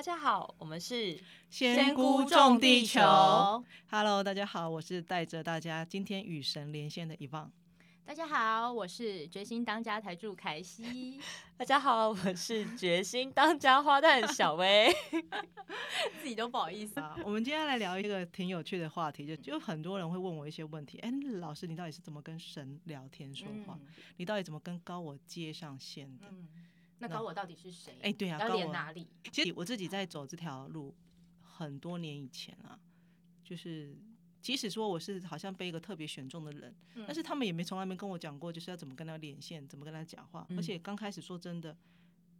大家好，我們是仙菇種地球。Hello，大家好，我是帶着大家今天與神連線的 Yvonne。大家好，我是決心當家台柱凱西。 大家好，我是決心當家花旦小薇。 自己都不好意思。好，我們今天來聊一個挺有趣的話題，就就很多人會問我一些問題。哎、欸，老師，你到底是怎麼跟神聊天說話？嗯、你到底怎麼跟高我接上線的？嗯那高我到底是誰？哎、欸，對啊，到底哪裡？其實我自己在走這條路、嗯、很多年以前啊，就是即使說我是好像被一個特別選中的人，嗯、但是他們也沒從來沒跟我講過，就是要怎麼跟他連線，怎麼跟他講話。嗯、而且剛開始說真的，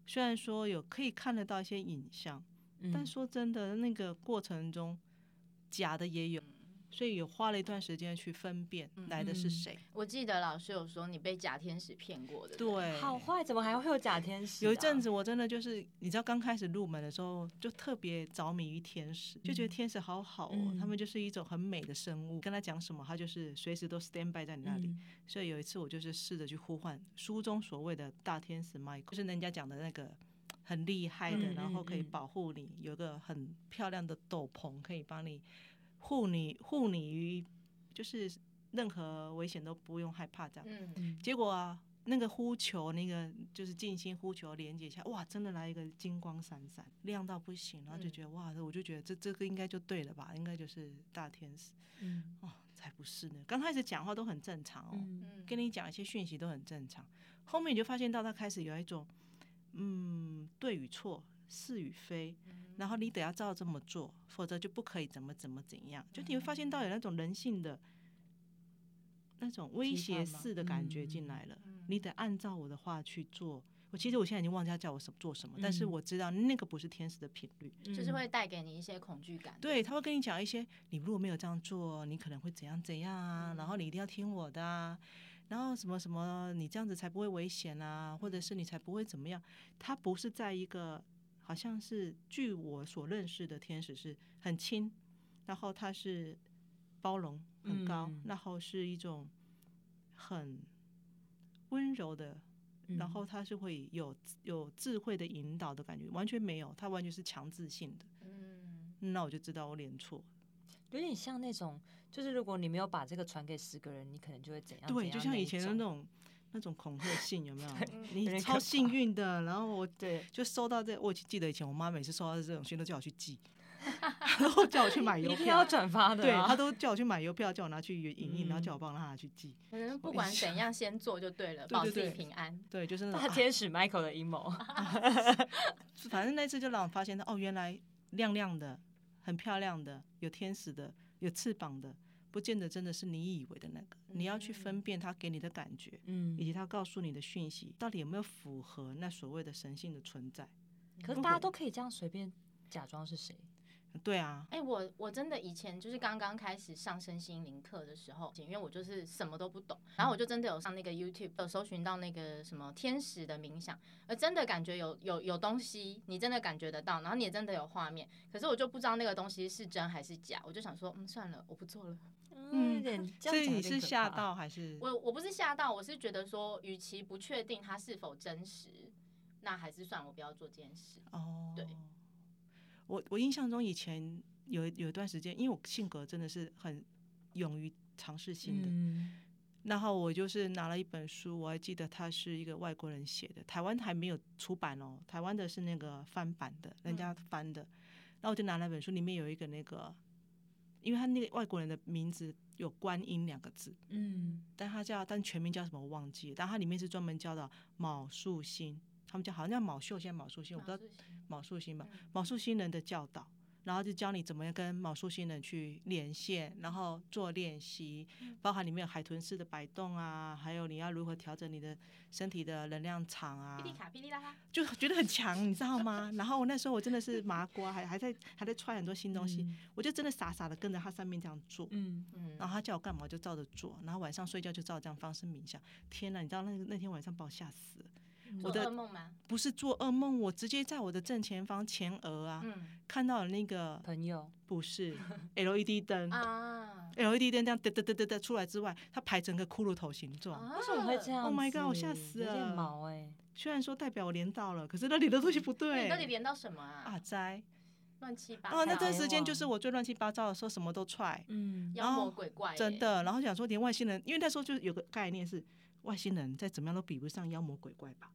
雖然說有可以看得到一些影像，但說真的那個過程中，假的也有。所以有花了一段時間去分辨來的是誰、嗯。我記得老師有說，你被假天使騙過的，對，對好壞，怎麼還會有假天使、啊？有一陣子我真的就是，你知道剛開始入門的時候就特別着迷於天使，就覺得天使好好哦，嗯、他們就是一種很美的生物。嗯、跟他講什麼，他就是隨時都 stand by 在你那裡。嗯、所以有一次我就是試着去呼喚書中所謂的大天使 Michael，就是人家講的那個很厲害的，嗯、然後可以保護你，嗯、有一個很漂亮的斗篷，可以幫你。護你護你於，就是任何危險都不用害怕這樣。嗯、結果啊，那個呼求，那個就是靜心呼求，連接一下，哇，真的來一個金光閃閃，亮到不行，然後就覺得、嗯、哇，我就覺得這這個應該就對了吧，應該就是大天使。嗯、哦，才不是呢。剛開始講話都很正常哦，嗯、跟你講一些訊息都很正常，後面你就發現到他開始有一種嗯對與錯。是與非，然後你得要照這麼做，嗯、否則就不可以怎麼怎麼怎樣。就你會發現到有那種人性的、嗯、那種威脅式的感覺進來了，嗯、你得按照我的話去做。嗯、我其實我現在已經忘記他叫我什麼做什麼，嗯、但是我知道那個不是天使的頻率，嗯嗯、就是會帶給你一些恐懼感。對，他會跟你講一些，你如果沒有這樣做，你可能會怎樣怎樣啊。嗯、然後你一定要聽我的、啊，然後什麼什麼，你這樣子才不會危險啊，或者是你才不會怎麼樣。他不是在一個。好像是據我所認識的天使是很輕，然後他是包容很高，嗯、然後是一種很溫柔的，嗯、然後他是會有有智慧的引導的感覺，完全沒有，他完全是強制性的。嗯，那我就知道我連錯了。有點像那種，就是如果你沒有把這個傳給十個人，你可能就會怎樣，怎樣？對，就像以前的那種。嗯那種恐嚇信有沒有？你超幸運的。然後我對，就收到這，我記得以前我媽每次收到這種信都叫我去寄，然後叫我去買郵票，一定要轉發的。對，他都叫我去買郵票，叫我拿去影印，然後叫我幫她拿去寄。反正不管怎樣，先做就對了，保自己平安。對，就是那大天使 Michael 的陰謀。反正那次就讓我發現的，哦，原來亮亮的、很漂亮的，有天使的，有翅膀的。不見得真的是你以為的那個，你要去分辨他給你的感覺，嗯，以及他告訴你的訊息，嗯，到底有沒有符合那所謂的神性的存在？嗯，可是大家都可以這樣隨便假裝是誰。對啊，哎、欸，我我真的以前就是剛剛開始上身心靈課的時候，因為我就是什麼都不懂，然後我就真的有上那個 YouTube，有搜尋到那個什麼天使的冥想，而真的感覺有有有東西，你真的感覺得到，然後你也真的有畫面，可是我就不知道那個東西是真還是假，我就想說，嗯，算了，我不做了。嗯，所以你是嚇到還是？我我不是嚇到，我是覺得說，與其不確定它是否真實，那還是算我不要做這件事。哦，對。我我印象中以前有一有一段時間，因為我性格真的是很勇於嘗試新的。嗯、然後我就是拿了一本書，我還記得它是一個外國人寫的，台灣還沒有出版哦，台灣的是那個翻版的，人家翻的。那、嗯、我就拿了一本書，裡面有一個那個，因為他那個外國人的名字有“觀音”兩個字，嗯，但他叫但全名叫什麼我忘記了，但他裡面是專門叫的昴宿星，他們叫好像叫昴秀星、昴宿星我不知道。昴宿星嘛，昴宿星人的教導，嗯、然後就教你怎麼樣跟昴宿星人去連線，然後做練習，包含裡面有海豚式的擺動啊，還有你要如何調整你的身體的能量場啊。就覺得很強，嗯、你知道嗎？ 然後我那時候我真的是麻瓜，還還在還在揣很多新東西，嗯、我就真的傻傻的跟着他上面這樣做，嗯嗯，嗯然後他叫我幹嘛我就照着做，然後晚上睡覺就照這樣方式冥想。天吶，你知道那那天晚上把我嚇死了我的做噩夢嗎？不是做噩夢，我直接在我的正前方前額啊，看到了那個朋友，不是 LED 燈啊，LED 燈這樣嘚嘚嘚嘚嘚出來之外，它排成個骷髏頭形狀。為什麼會這樣？Oh my god！我嚇死了！有點毛哎。雖然說代表我連到了，可是那裡的東西不對。你到底連到什麼啊？阿災，亂七八糟。那段時間就是我最亂七八糟的時候，什麼都踹。嗯，妖魔鬼怪。真的，然後想說連外星人，因為那時候就有個概念是外星人再怎麼樣都比不上妖魔鬼怪吧。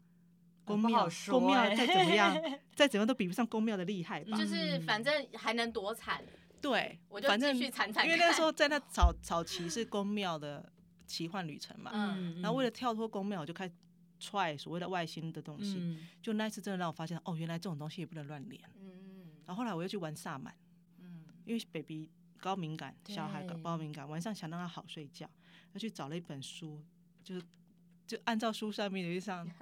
宮廟，宮廟、欸、再怎麼樣， 再怎麼樣都比不上宮廟的厲害吧。就是反正還能躲慘，對，我就繼續慘慘。因為那時候在那早早期是宮廟的奇幻旅程嘛， 嗯，然後為了跳脫宮廟，我就開始踹所謂的外星的東西。嗯、就那次真的讓我發現，哦，原來這種東西也不能亂連。嗯，然後後來我又去玩薩滿，嗯，因為 baby 高敏感，小孩高敏感，對晚上想讓他好睡覺，他去找了一本書，就是就按照書上面的上。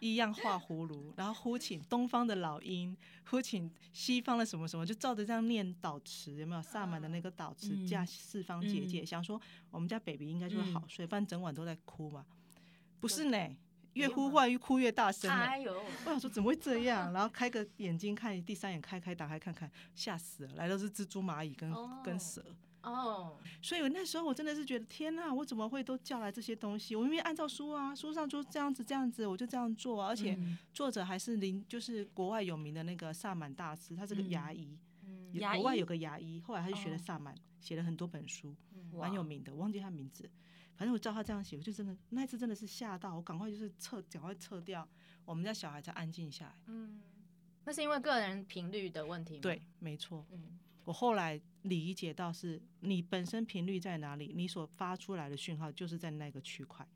一樣畫葫蘆，然後呼請東方的老鷹，呼請西方的什麼什麼，就照着這樣念禱詞，有沒有？薩滿的那個禱詞加四方姐姐，啊嗯、想說我們家 baby 應該就會好睡，嗯、不然整晚都在哭嘛。不是呢，越呼喚越哭越大聲。哎呦，我想說怎麼會這樣？然後開個眼睛看，第三眼開開打開看看，嚇死了，來的是蜘蛛螞蟻、螞蟻跟跟蛇。哦，oh, 所以我那時候我真的是覺得天吶，我怎麼會都叫來這些東西？我明明按照書啊，書上就這樣子這樣子，我就這樣做、啊。而且作者還是林，就是國外有名的那個薩滿大師，他是個牙醫，嗯嗯、國外有個牙醫，後來他是學了薩滿，寫、哦、了很多本書，蠻有名的，我忘記他名字。反正我照他這樣寫，我就真的那次真的是嚇到我，趕快就是撤，趕快撤掉，我們家小孩才安靜下來。嗯，那是因為個人頻率的問題嗎？對，沒錯。嗯，我後來。理解到是你本身頻率在哪裡，你所發出來的訊號就是在那個區塊。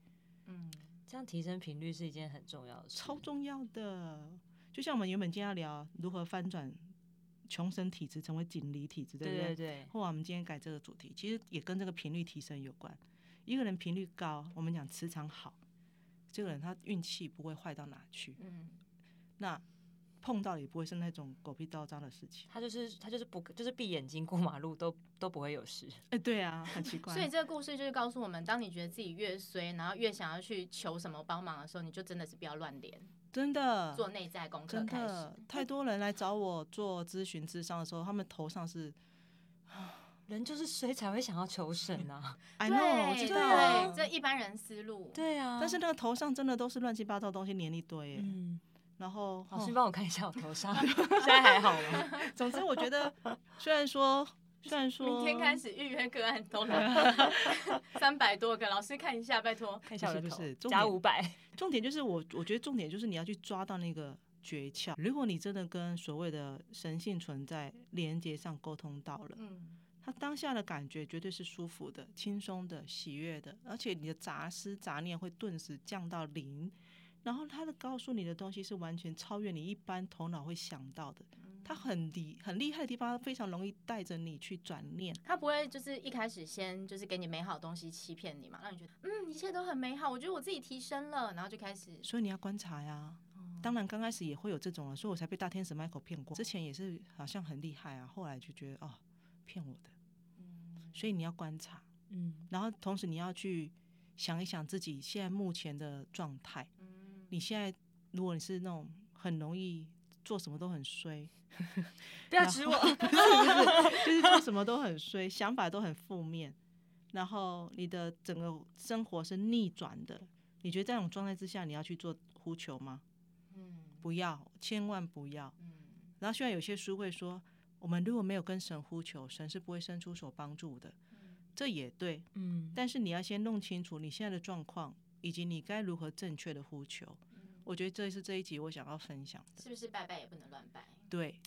嗯，這樣提升頻率是一件很重要的事，超重要的。就像我們原本今天要聊如何翻轉窮神體質，成為錦鯉體質，對不對？對對對。或我們今天改這個主題，其實也跟這個頻率提升有關。一個人頻率高，我們講磁場好，這個人他運氣不會壞到哪去。嗯。那。碰到也不會是那種狗屁倒灶的事情。他就是他就是不，就是閉眼睛過馬路都都不會有事。哎、欸，對啊，很奇怪。所以這個故事就是告訴我們，當你覺得自己越衰，然後越想要去求什麼幫忙的時候，你就真的是不要亂連。真的。做內在功課開始。太多人來找我做諮詢諮商的時候，他們頭上是，人就是衰才會想要求神啊。 I know，對我知道、啊對。這一般人思路。對啊。但是那個頭上真的都是亂七八糟的東西粘一堆，嗯然後老師幫哼我看一下我頭上， 現在還好了。 總之，我覺得雖然說雖然說，明天開始預約個案都能 三百多個，老師看一下，拜托看一下我的頭。不是，不是加五百，重點就是我，我覺得重點就是你要去抓到那個訣竅。如果你真的跟所謂的神性存在連接上溝通到了，他、嗯、當下的感覺絕對是舒服的、輕鬆的、喜悅的，而且你的雜思雜念會頓時降到零。然後他的告訴你的東西是完全超越你一般頭腦會想到的，嗯、他很厲很厲害的地方，他非常容易帶着你去轉念，他不會就是一開始先就是給你美好的東西欺騙你嘛，讓你覺得嗯一切都很美好，我覺得我自己提升了，然後就開始。所以你要觀察呀，哦、當然剛開始也會有這種了，所以我才被大天使麥克騙過，之前也是好像很厲害啊，後來就覺得哦騙我的，嗯、所以你要觀察，嗯，然後同時你要去想一想自己現在目前的狀態。你現在，如果你是那種很容易做什麼都很衰，呵呵，然後，不要指我， 就是做什麼都很衰， 想法都很負面，然後你的整個生活是逆轉的。你覺得在這種狀態之下，你要去做呼求嗎？嗯，不要，千萬不要。嗯，然後雖然有些書會說，我們如果沒有跟神呼求，神是不會伸出手幫助的，嗯，這也對。嗯，但是你要先弄清楚你現在的狀況。以及你該如何正確的呼求？嗯、我覺得這是這一集我想要分享的。是不是拜拜也不能亂拜？對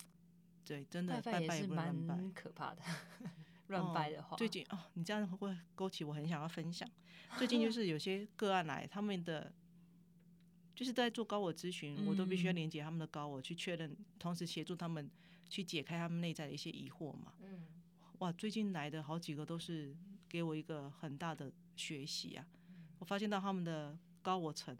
對，真的拜拜，拜拜也不能亂拜蠻可怕的。哦、亂拜的話，最近哦，你這樣會勾起我很想要分享。最近就是有些個案來，他們的 就是在做高我諮詢，我都必須要連接他們的高我、嗯、去確認，同時協助他們去解開他們內在的一些疑惑嘛。嗯，哇，最近來的好幾個都是給我一個很大的學習啊。發現到他們的高我層，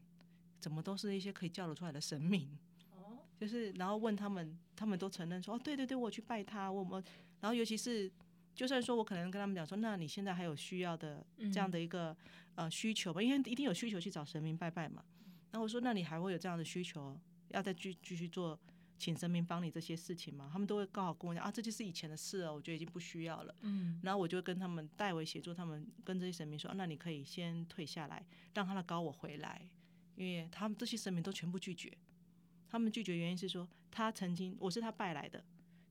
怎麼都是一些可以叫得出來的神明，哦、就是然後問他們，他們都承認說，哦，對對對，我去拜他，我有有。然後尤其是，就算說我可能跟他們講說，那你現在還有需要的這樣的一個、嗯、呃需求吧，因為一定有需求去找神明拜拜嘛。然後我說，那你還會有這樣的需求，要再繼繼續做，請神明幫你這些事情嘛，他們都會剛好跟我講啊，這就是以前的事哦，我覺得已經不需要了。嗯，然後我就會跟他們代為協助，他們跟這些神明說，那你可以先退下來，讓他的高我回來，因為他們這些神明都全部拒絕。他們拒絕原因是說，他曾經我是他拜來的，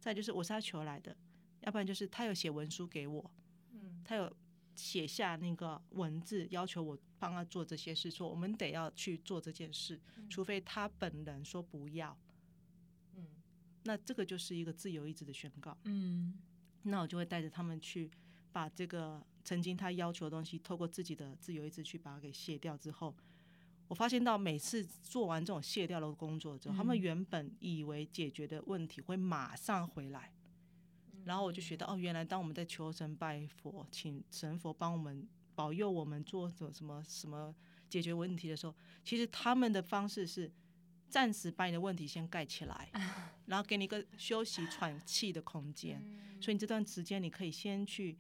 再就是我是他求來的，要不然就是他有寫文書給我，嗯，他有寫下那個文字要求我幫他做這些事，說我們得要去做這件事，嗯，除非他本人說不要。那這個就是一個自由意志的宣告。嗯，那我就會帶着他們去把這個曾經他要求的東西，透過自己的自由意志去把它給卸掉。之後，我發現到每次做完這種卸掉的工作之後，嗯、他們原本以為解決的問題會馬上回來，嗯、然後我就學到哦，原來當我們在求神拜佛，請神佛幫我們保佑我們做什麼什麼什麼解決問題的時候，其實他們的方式是，暫時把你的問題先蓋起來，然後給你一個休息喘氣的空間。嗯、所以你這段時間你可以先去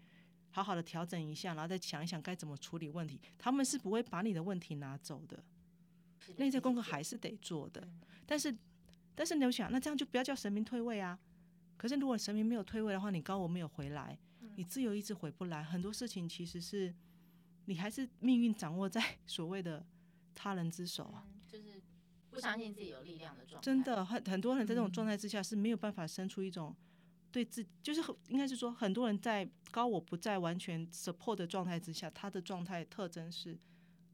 好好的調整一下，然後再想一想該怎麼處理問題。他們是不會把你的問題拿走的，內在功課還是得做的。嗯、但是，但是你要想，那這樣就不要叫神明退位啊？可是如果神明沒有退位的話，你高我沒有回來，你自由意志回不來，很多事情其實是你還是命運掌握在所謂的他人之手啊。嗯不相信自己有力量的狀態，真的很很多人在這種狀態之下是沒有辦法生出一種對自己，就是很應該是說，很多人在高我不在完全 support 的狀態之下，他的狀態特徵是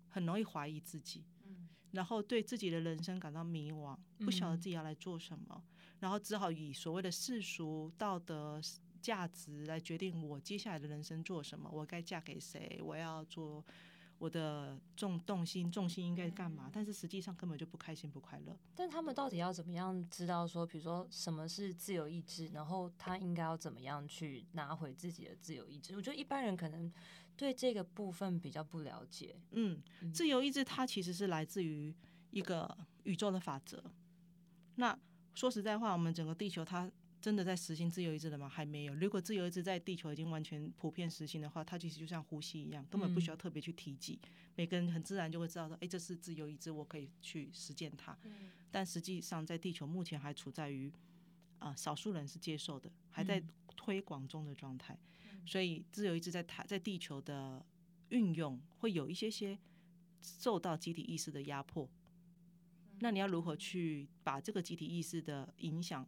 很容易懷疑自己，嗯，然後對自己的人生感到迷惘，不曉得自己要來做什麼，嗯，然後只好以所謂的世俗道德價值來決定我接下來的人生做什麼，我該嫁給誰，我要做。我的重動心重心應該幹嘛？但是實際上根本就不開心不快樂。但他們到底要怎麼樣知道說，比如說什麼是自由意志，然後他應該要怎麼樣去拿回自己的自由意志？我覺得一般人可能對這個部分比較不了解。嗯，自由意志它其實是來自於一個宇宙的法則。那說實在話，我們整個地球它。真的在實行自由意志了嗎？還沒有。如果自由意志在地球已經完全普遍實行的話，它其實就像呼吸一樣，根本不需要特別去提及，嗯、每個人很自然就會知道說，哎、欸，這是自由意志，我可以去實踐它。嗯、但實際上，在地球目前還處在於啊、呃，少數人是接受的，還在推廣中的狀態。嗯、所以，自由意志在台在地球的運用會有一些些受到集體意識的壓迫。那你要如何去把這個集體意識的影響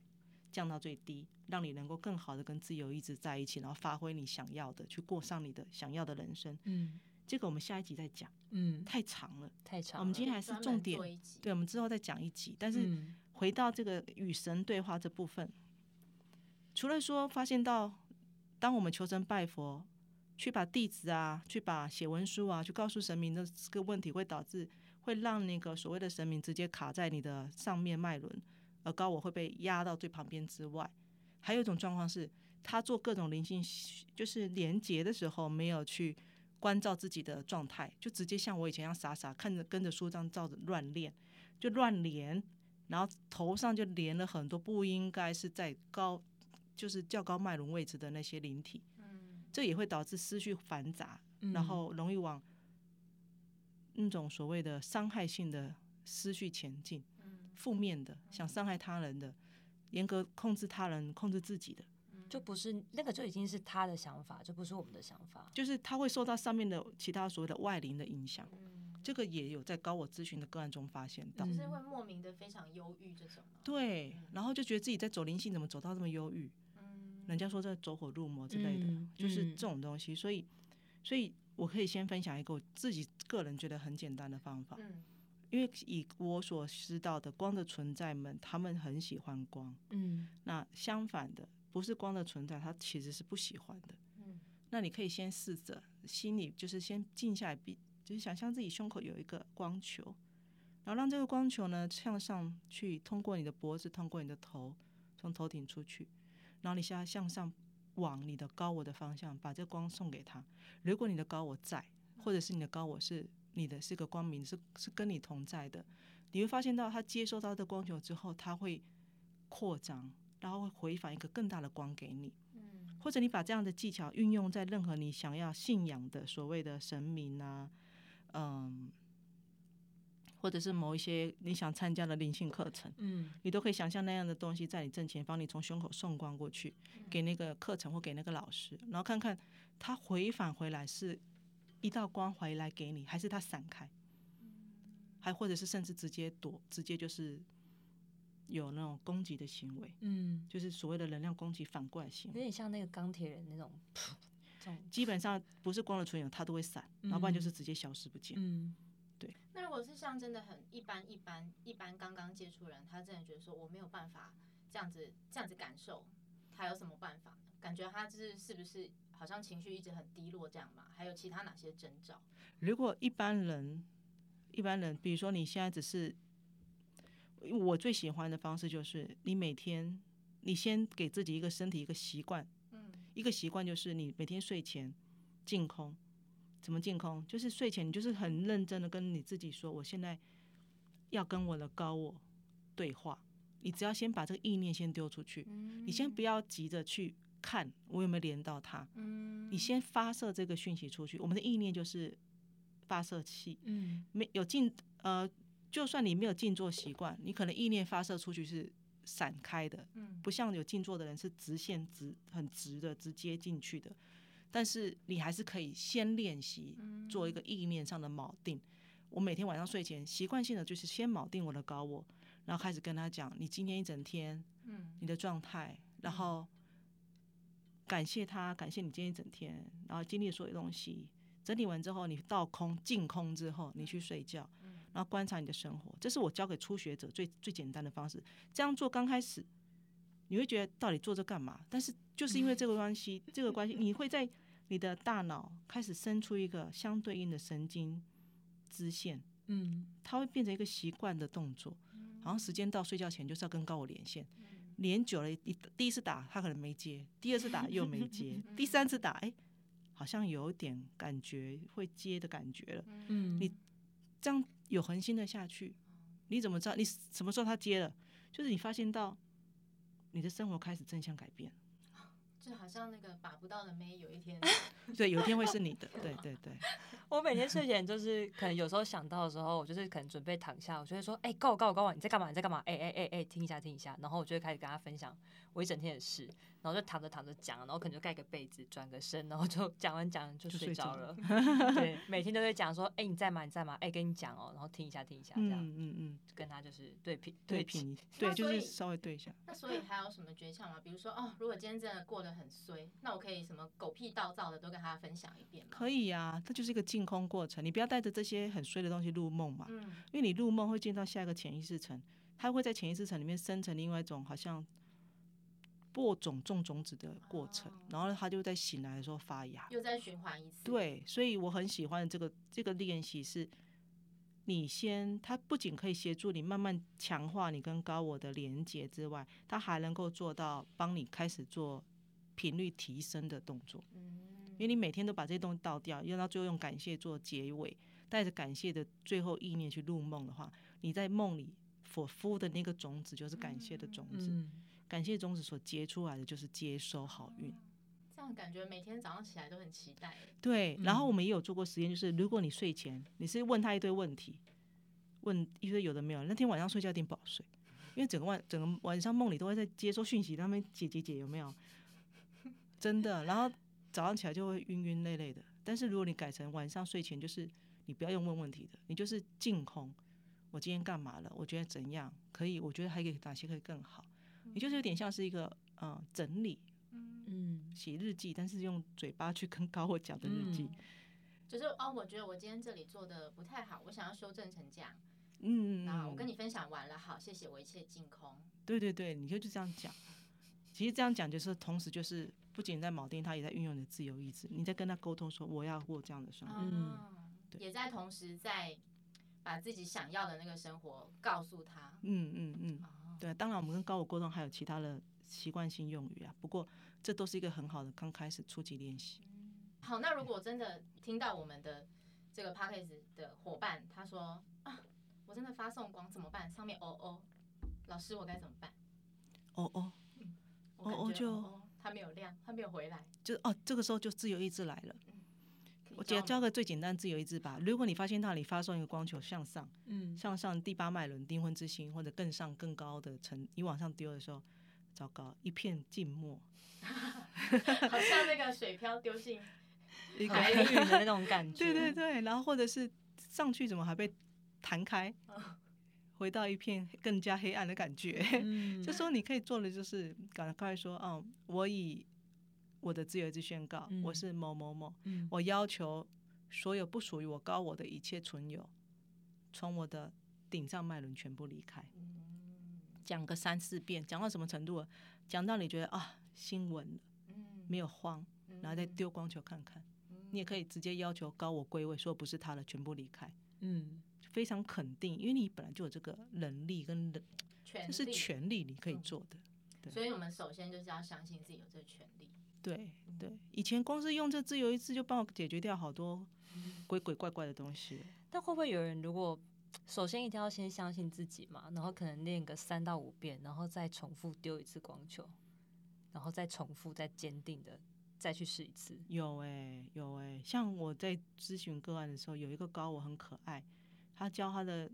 降到最低，讓你能夠更好的跟自由一直在一起，然後發揮你想要的，去過上你的想要的人生。嗯，這個我們下一集再講。嗯，太長了，太長、啊。我們今天還是重點，對，我們之後再講一集。但是回到這個與神對話這部分，嗯、除了說發現到，當我們求神拜佛，去把地址啊，去把寫文書啊，去告訴神明的這個問題，會導致會讓那個所謂的神明直接卡在你的上面脈輪。而高我會被壓到最旁邊之外，還有一種狀況是，他做各種靈性就是連接的時候，沒有去觀照自己的狀態，就直接像我以前一樣傻傻看着跟着書上照着亂練，就亂連，然後頭上就連了很多不應該是在高就是較高脈輪位置的那些靈體，這也會導致思緒繁雜，然後容易往那種所謂的傷害性的思緒前進。負面的，想傷害他人的，嗯、嚴格控制他人、控制自己的，就不是那個，就已經是他的想法，就不是我們的想法。就是他會受到上面的其他所謂的外靈的影響，嗯、這個也有在高我諮詢的個案中發現到，只是會莫名的非常憂鬱這種。對，然後就覺得自己在走靈性，怎麼走到這麼憂鬱？嗯，人家說在走火入魔之類的，嗯、就是這種東西。所以，所以我可以先分享一個我自己個人覺得很簡單的方法。嗯因為以我所知道的光的存在們，他們很喜歡光，嗯。那相反的，不是光的存在，他其實是不喜歡的。嗯。那你可以先試着，心裡就是先靜下來，比就是想象自己胸口有一個光球，然後讓這個光球呢向上去，通過你的脖子，通過你的頭，從頭頂出去，然後你現在向上往你的高我的方向，把這個光送給他。如果你的高我在，或者是你的高我是。你的是個光明，是是跟你同在的，你會發現到他接收到的光球之後，他會擴張，然後會回返一個更大的光給你。或者你把這樣的技巧運用在任何你想要信仰的所謂的神明啊，嗯，或者是某一些你想參加的靈性課程，嗯，你都可以想象那樣的東西在你正前方，你從胸口送光過去給那個課程或給那個老師，然後看看他回返回來是一道光回來給你，還是他閃開，還或者是甚至直接躲，直接就是有那種攻擊的行為，嗯，就是所謂的能量攻擊，反過來行為，為有點像那個鋼鐵人那種， 種事基本上不是光的存有，他都會閃，要不然就是直接消失不見，嗯，對。那如果是像真的很一般一般一般剛剛接觸人，他真的覺得說我沒有辦法這樣子這樣子感受，他有什麼辦法呢？感覺他就是是不是？好像情緒一直很低落這樣嘛？還有其他哪些徵兆？如果一般人，一般人，比如說你現在只是，我最喜歡的方式就是，你每天你先給自己一個身體一個習慣，嗯，一個習慣就是你每天睡前淨空，怎麼淨空？就是睡前你就是很認真的跟你自己說，我現在要跟我的高我對話，你只要先把這個意念先丟出去，嗯、你先不要急着去。看我有沒有連到他？嗯，你先發射這個訊息出去。我們的意念就是發射器。嗯，沒有靜呃，就算你沒有靜坐習慣，你可能意念發射出去是散開的。嗯，不像有靜坐的人是直線直很直的直接進去的。但是你還是可以先練習做一個意念上的錨定。嗯，我每天晚上睡前習慣性的就是先錨定我的高我，然後開始跟他講你今天一整天，嗯，你的狀態，然後。感謝他，感謝你今天一整天，然後經歷所有東西，整理完之後，你倒空、淨空之後，你去睡覺，然後觀察你的生活，這是我教給初學者最最簡單的方式。這樣做剛開始，你會覺得到底做這幹嘛？但是就是因為這個關係， 這個關係，你會在你的大腦開始生出一個相對應的神經支線，嗯，它會變成一個習慣的動作，好像時間到睡覺前就是要跟高我連線。連久了，一、第一次打他可能沒接，第二次打又沒接， 第三次打，哎、欸，好像有點感覺會接的感覺了。嗯，你這樣有恆心的下去，你怎麼知道你什麼時候他接了？就是你發現到你的生活開始正向改變。就好像那個把不到的妹，有一天， 對，有一天會是你的， 對對對。 我每天睡前就是，可能有時候想到的時候，我就是可能準備躺下，我就會說，哎、欸，高我高我高我，你在幹嘛？你在幹嘛？哎哎哎哎，聽一下聽一下，然後我就會開始跟他分享我一整天的事。然後就躺着躺着講，然後可能就蓋個被子，轉個身，然後就講完講完就睡着了。着了 對，每天都在講說，哎、欸、你在嗎？你在嗎？哎、欸、跟你講哦，然後聽一下聽一下，這樣，嗯嗯嗯，嗯跟他就是對頻對頻品，對就是稍微對一下。那所， 那所以還有什麼訣竅嗎？比如說哦，如果今天真的過得很衰，那我可以什麼狗屁倒灶的都跟他分享一遍嗎？可以呀、啊，這就是一個淨空過程，你不要帶着這些很衰的東西入夢嘛。嗯、因為你入夢會進到下一個潛意識層，它會在潛意識層裡面生成另外一種好像。播種種種子的過程，然後他就在醒來的時候發芽，又再循環一次。對，所以我很喜歡這個這個練習是，你先它不僅可以協助你慢慢強化你跟高我的連接之外，它還能夠做到幫你開始做頻率提升的動作。嗯嗯，因為你每天都把這些東西倒掉，要到最後用感謝做結尾，帶着感謝的最後意念去入夢的話，你在夢裡所敷的那個種子就是感謝的種子。嗯嗯感謝種子所結出來的就是接收好運，這樣感覺每天早上起來都很期待。對，嗯、然後我們也有做過實驗，就是如果你睡前你是問他一堆問題，問一堆有的沒有，那天晚上睡覺一定不好睡，因為整個晚整個晚上夢裡都會在接收訊息，他們姐姐姐有沒有？真的，然後早上起來就會暈暈累累的。但是如果你改成晚上睡前，就是你不要用問問題的，你就是淨空。我今天幹嘛了？我覺得怎樣可以？我覺得還可以哪些可以更好？你就是有點像是一個嗯、呃，整理，嗯，寫日記，但是用嘴巴去跟高我講的日記，嗯、就是哦，我覺得我今天這裡做得不太好，我想要修正成這樣，嗯，那、啊、我跟你分享完了，好，謝謝，我一切淨空，對對對，你就就這樣講，其實這樣講就是同時就是不僅在錨定，他也在運用你的自由意志，你在跟他溝通說我要過這樣的生活，嗯，對也在同時在把自己想要的那個生活告訴他，嗯嗯嗯。嗯嗯對，當然我們跟高我溝通還有其他的習慣性用語啊，不過這都是一個很好的剛開始初級練習、嗯。好，那如果真的聽到我們的這個 podcast 的夥伴他說啊，我真的發送光怎麼辦？上面哦哦，老師我該怎麼辦？哦哦，我哦哦就哦他沒有亮，他沒有回來，就哦這個時候就自由意志來了。我只要教個最簡單的自由意志吧。如果你發現到，你發送一個光球向上，嗯、向上第八脈輪、靈魂之星，或者更上更高的層，你往上丟的時候，糟糕，一片靜默， 好像那個水漂丟進一個魚的那種感覺， 對對對。然後或者是上去怎麼還被彈開，哦、回到一片更加黑暗的感覺。這時候你可以做的就是趕快說，哦、啊，我以。我的自由之宣告，我是某某某，我要求所有不屬於我高我的一切存有，從我的頂上脈輪全部離開。講個三四遍，講到什麼程度？講到你覺得啊，新聞了，沒有慌，然後再丟光球看看。你也可以直接要求高我歸位，說不是他的全部離開。嗯，非常肯定，因為你本來就有這個能力跟權利，這是權利你可以做的。所以我們首先就是要相信自己有這個權利。對對，以前光是用這自由意志就幫我解決掉好多鬼鬼怪怪的東西。 但會不會有人，如果首先一定要先相信自己嘛，然後可能練個三到五遍，然後再重複丟一次光球，然後再重複再堅定的再去試一次？有哎、欸、有哎、欸，像我在諮詢個案的時候，有一個高我很可愛，他教他的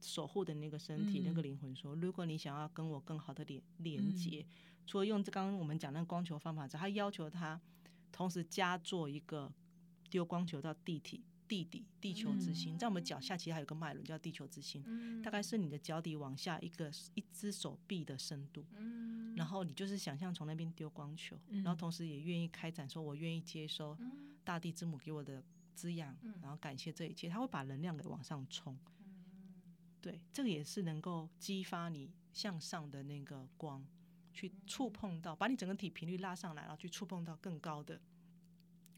守護的那個身體、嗯、那個靈魂說，如果你想要跟我更好的連，連接。嗯除了用這剛剛我們講的那個光球方法之外，他要求他同時加做一個丟光球到地體、地底、地球之心，在我們腳下其實還有一個脈輪叫地球之心，大概是你的腳底往下一個一隻手臂的深度，然後你就是想象從那邊丟光球，然後同時也願意開展說，我願意接收大地之母給我的滋養，然後感謝這一切，他會把能量給往上衝，對，這個也是能夠激發你向上的那個光。去觸碰到，把你整個體頻率拉上來，然後去觸碰到更高的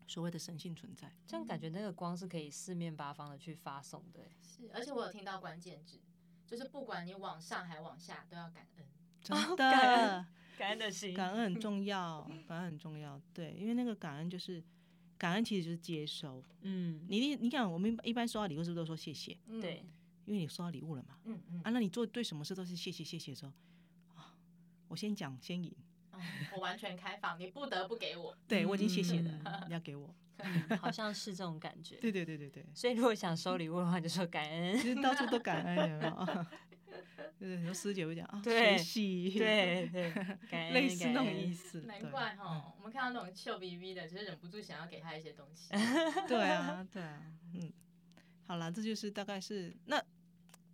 所謂的神性存在。這樣感覺那個光是可以四面八方的去發送，對。是，而且我有聽到關鍵字，就是不管你往上還往下，都要感恩。真的，感恩的心，感恩，感恩很重要， 感恩很重要。對，因為那個感恩就是感恩，其實就是接收。嗯，你你你看，我們一般收到禮物是不是都說謝謝？對、嗯，因為你收到禮物了嘛。嗯嗯。嗯啊，那你做對什麼事都是謝謝謝謝之我先講先贏、哦，我完全開放，你不得不給我。對，我已經謝謝了，嗯、你要給我、嗯，好像是這種感覺。對對對對。所以如果想收禮物的話，就說感恩。其實到處都感恩，有沒有 對對對師姐會講啊，學習。對對，感恩類似那種意思。恩對難怪哈，我們看到那種臭逼逼的，就是忍不住想要給他一些東西。對啊，對啊，嗯。好了，這就是大概是那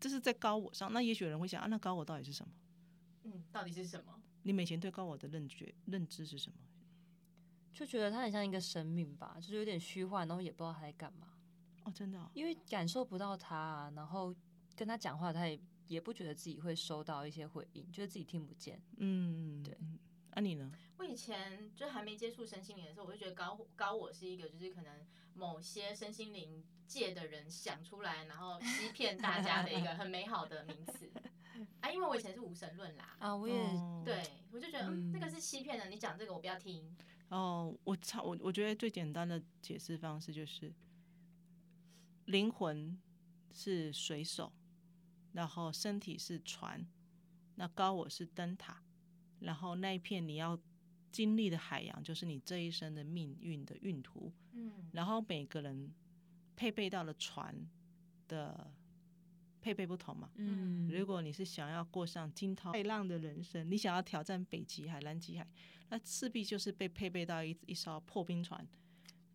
這是在高我上，那也許有人會想啊，那高我到底是什麼？嗯、到底是什麼？你以前對高我的認知認知是什麼？就覺得他很像一個生命吧，就是有點虛幻，然後也不知道他在幹嘛。哦，真的，哦，因為感受不到他，啊，然後跟他講話，他也也不覺得自己會收到一些回應，覺得自己聽不見。嗯，對。那，啊、你呢？我以前就還沒接觸身心靈的時候，我就覺得高高我是一個，就是可能某些身心靈界的人想出來，然後欺騙大家的一個很美好的名詞。 啊，因為我以前是無神論啦，啊，我也，對，我就覺得，嗯，這個是欺騙的，你講這個我不要聽。哦，我操，我我覺得最簡單的解釋方式就是，靈魂是水手，然後身體是船，那高我是燈塔，然後那一片你要經歷的海洋就是你這一生的命運的運途。嗯，然後每個人配備到了船的。配備不同嘛，嗯，如果你是想要過上驚濤駭浪的人生，你想要挑戰北極海、南極海，那勢必就是被配備到一一艘破冰船，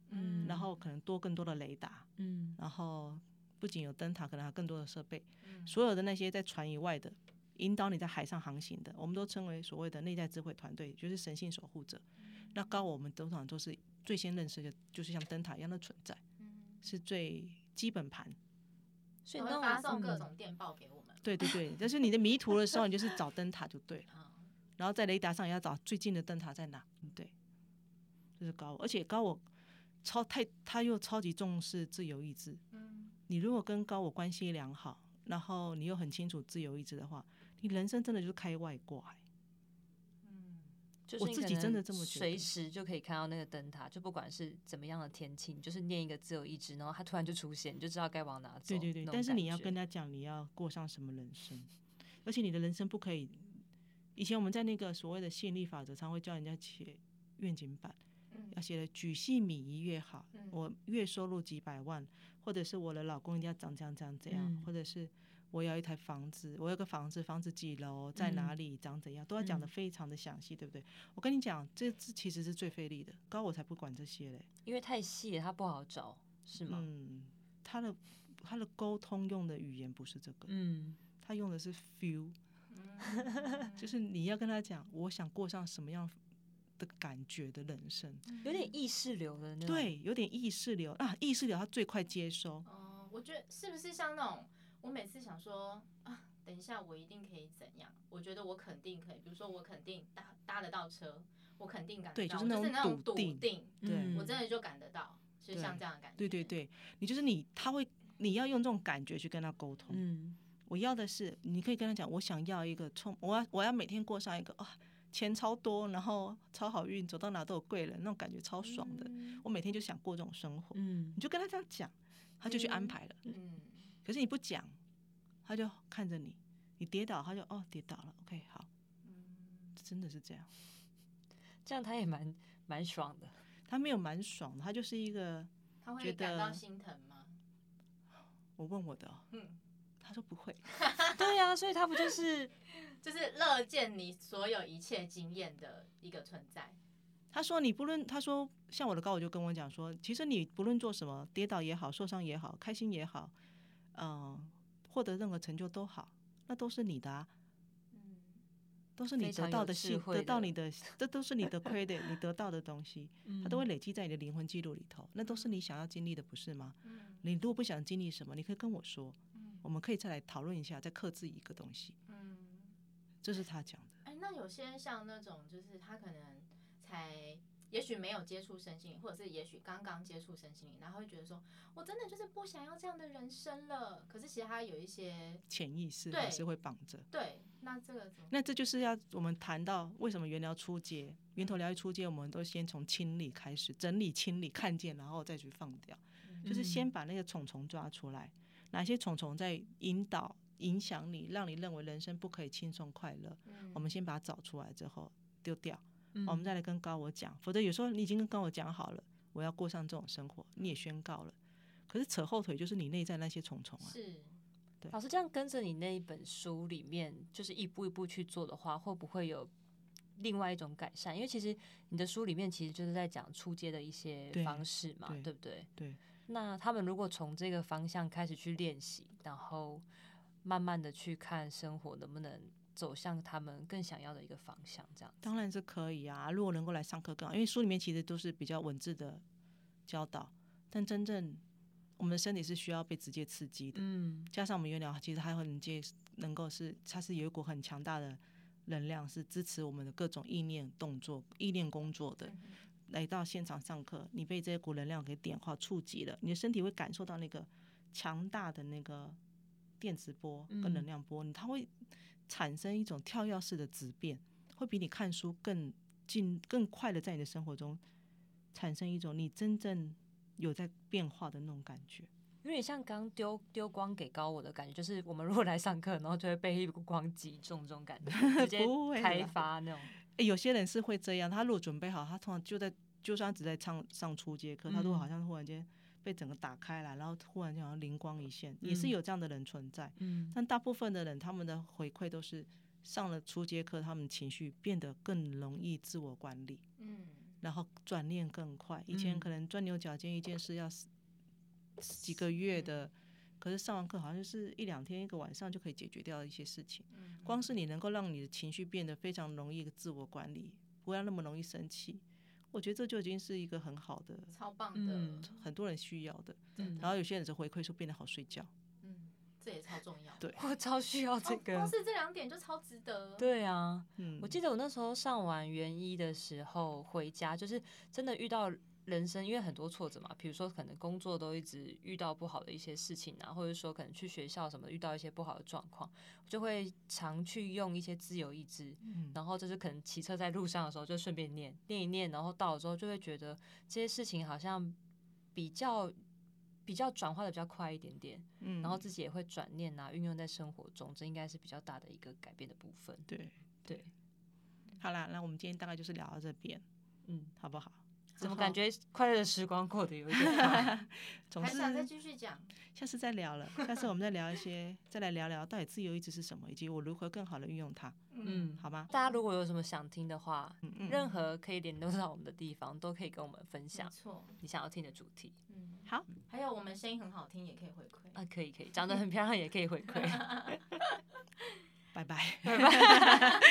嗯，然後可能多更多的雷達，嗯，然後不僅有燈塔，可能還有更多的設備，嗯、所有的那些在船以外的引導你在海上航行的，我們都稱為所謂的內在智慧團隊，就是神性守護者。嗯、那高，我們通常都就是最先認識的，就是像燈塔一樣的存在，嗯、是最基本盤。所以你都發送各種電報給我們。嗯。對對對，就是你的迷途的時候，你就是找燈塔就對了。 然後在雷達上也要找最近的燈塔在哪。對。就是高我，而且高我超太，他又超級重視自由意志。嗯。你如果跟高我關係良好，然後你又很清楚自由意志的話，你人生真的就是開外掛欸。我自己真的這麼覺得，隨時就可以看到那個燈塔，就不管是怎麼樣的天氣，你就是念一個自由意志，然後它突然就出現，你就知道該往哪走。對對對，但是你要跟他講你要過上什麼人生，而且你的人生不可以。以前我們在那個所謂的吸引力法則，常會教人家寫願景版，嗯、要寫的鉅細靡遺越好，嗯、我月收入幾百萬，或者是我的老公一定要長這樣這樣這樣這樣，嗯、或者是。我要一台房子，我有個房子，房子幾樓在哪裡，嗯、長怎樣，都要講的非常的詳細，嗯、對不對？我跟你講，這這其實是最費力的，高我才不管這些嘞。因為太細了，他不好找，是嗎？嗯，他的他的溝通用的語言不是這個，嗯，他用的是 feel，就是你要跟他講，我想過上什麼樣的感覺的人生，有點意識流的那種，對，有點意識流啊，意識流他最快接收。呃、我覺得是不是像那種？我每次想說啊，等一下我一定可以怎樣？我覺得我肯定可以，比如說我肯定搭搭得到車，我肯定趕得到。對，就是那種篤定。對，嗯、我真的就趕得到，就是像這樣的感覺。對，對對對，你就是你，他會，你要用這種感覺去跟他溝通。嗯，我要的是，你可以跟他講，我想要一個充，我要我要每天過上一個哦、啊，錢超多，然後超好運，走到哪都有貴人，那種感覺超爽的。嗯、我每天就想過這種生活。嗯，你就跟他這樣講，他就去安排了。嗯。嗯可是你不講，他就看着你，你跌倒，他就哦跌倒了，OK 好，嗯、真的是這樣，這樣他也蠻蠻爽的，他沒有蠻爽，他就是一個覺得，他會感到心疼嗎？我問我的，嗯，他說不會， 對呀、啊，所以他不就是就是樂見你所有一切經驗的一個存在。他說你不論，他說像我的高我就跟我講說，其實你不論做什麼，跌倒也好，受傷也好，開心也好。嗯，獲得任何成就都好，那都是你的、啊，嗯，都是你得到的幸，的得到你的，這都是你的虧的， 你得到的東西，嗯、它都會累積在你的靈魂記錄裡頭，那都是你想要經歷的，不是嗎？嗯、你如果不想經歷什麼，你可以跟我說，嗯、我們可以再來討論一下，再克制一個東西，嗯，這是他講的。哎，那有些像那種，就是他可能才。也許沒有接觸身心靈，或者是也許剛剛接觸身心靈，然後會覺得說，我真的就是不想要這樣的人生了。可是其實他有一些潛意識，對還是會綁着。對，那這個怎麼？那這就是要我們談到為什麼源療初階、源頭療癒初階，嗯、我們都先從清理開始，整理、清理、看見，然後再去放掉，嗯、就是先把那個蟲蟲抓出來，哪些蟲蟲在引導、影響你，讓你認為人生不可以輕鬆快樂。嗯、我們先把它找出來之後丟掉。哦、我們再來跟高我講，嗯、否則有時候你已經跟高我講好了，我要過上這種生活，你也宣告了，可是扯後腿，就是你內在那些重重啊。是，對。老師這樣跟着你那一本書裡面，就是一步一步去做的話，會不會有另外一種改善？因為其實你的書裡面其實就是在講初階的一些方式嘛，對，對不對？對。那他們如果從這個方向開始去練習，然後慢慢的去看生活能不能？走向他們更想要的一個方向，這樣子當然是可以啊。如果能夠來上課更好，因為書裡面其實都是比較文字的教導，但真正我們的身體是需要被直接刺激的。嗯，加上我們源療其實還很接，能夠是它是有一股很強大的能量，是支持我們的各種意念動作，意念工作的。嗯、來到現場上課，你被這一股能量給點化、觸及了，你的身體會感受到那個強大的那個電磁波跟能量波，嗯、它會產生一種跳躍式的質變，會比你看書更進更快的在你的生活中產生一種你真正有在變化的那種感覺。有點像剛丟丟光給高我的感覺，就是我們如果來上課，然後就會被一股光擊中，這種感覺。不會開發那種、 欸。有些人是會這樣，他如果準備好，他通常就在就算只在上上初階課，他都好像忽然間被整個打開來，然後突然就好像靈光一現，嗯、也是有這樣的人存在。嗯、但大部分的人他們的回饋都是上了初階課，他們情緒變得更容易自我管理。嗯、然後轉念更快，以前可能鑽牛角尖一件事要、嗯、幾個月的，可是上完課好像就是一兩天一個晚上就可以解決掉一些事情。嗯、光是你能夠讓你的情緒變得非常容易自我管理，不要那麼容易生氣。我覺得這就已經是一個很好的、超棒的，嗯、很多人需要的。的然後有些人就回饋說，變得好睡覺，嗯，這也超重要，對，我超需要這個。光是、哦、這兩點就超值得。對啊，嗯，我記得我那時候上完元一的時候回家，就是真的遇到。人生因為很多挫折嘛，比如說可能工作都一直遇到不好的一些事情啊，或者說可能去學校什麼遇到一些不好的狀況，就會常去用一些自由意志，嗯，然後就是可能騎車在路上的時候就順便念念一念，然後到了之後就會覺得這些事情好像比較比較轉化的比較快一點點，嗯，然後自己也會轉念啊，運用在生活中，這應該是比較大的一個改變的部分。對對，對，嗯，好啦，那我們今天大概就是聊到這邊，嗯，好不好？怎麼感覺快樂的時光過得有點快？還想再繼續講？下次再聊了。下次我們再聊一些， 再來聊聊到底自由意志是什麼，以及我如何更好的運用它。嗯，好嗎？大家如果有什麼想聽的話，任何可以聯絡到我們的地方，都可以跟我們分享。沒錯，你想要聽的主題。嗯，好。還有我們聲音很好聽，也可以回饋。啊，可以可以，長得很漂亮也可以回饋。拜拜，拜拜。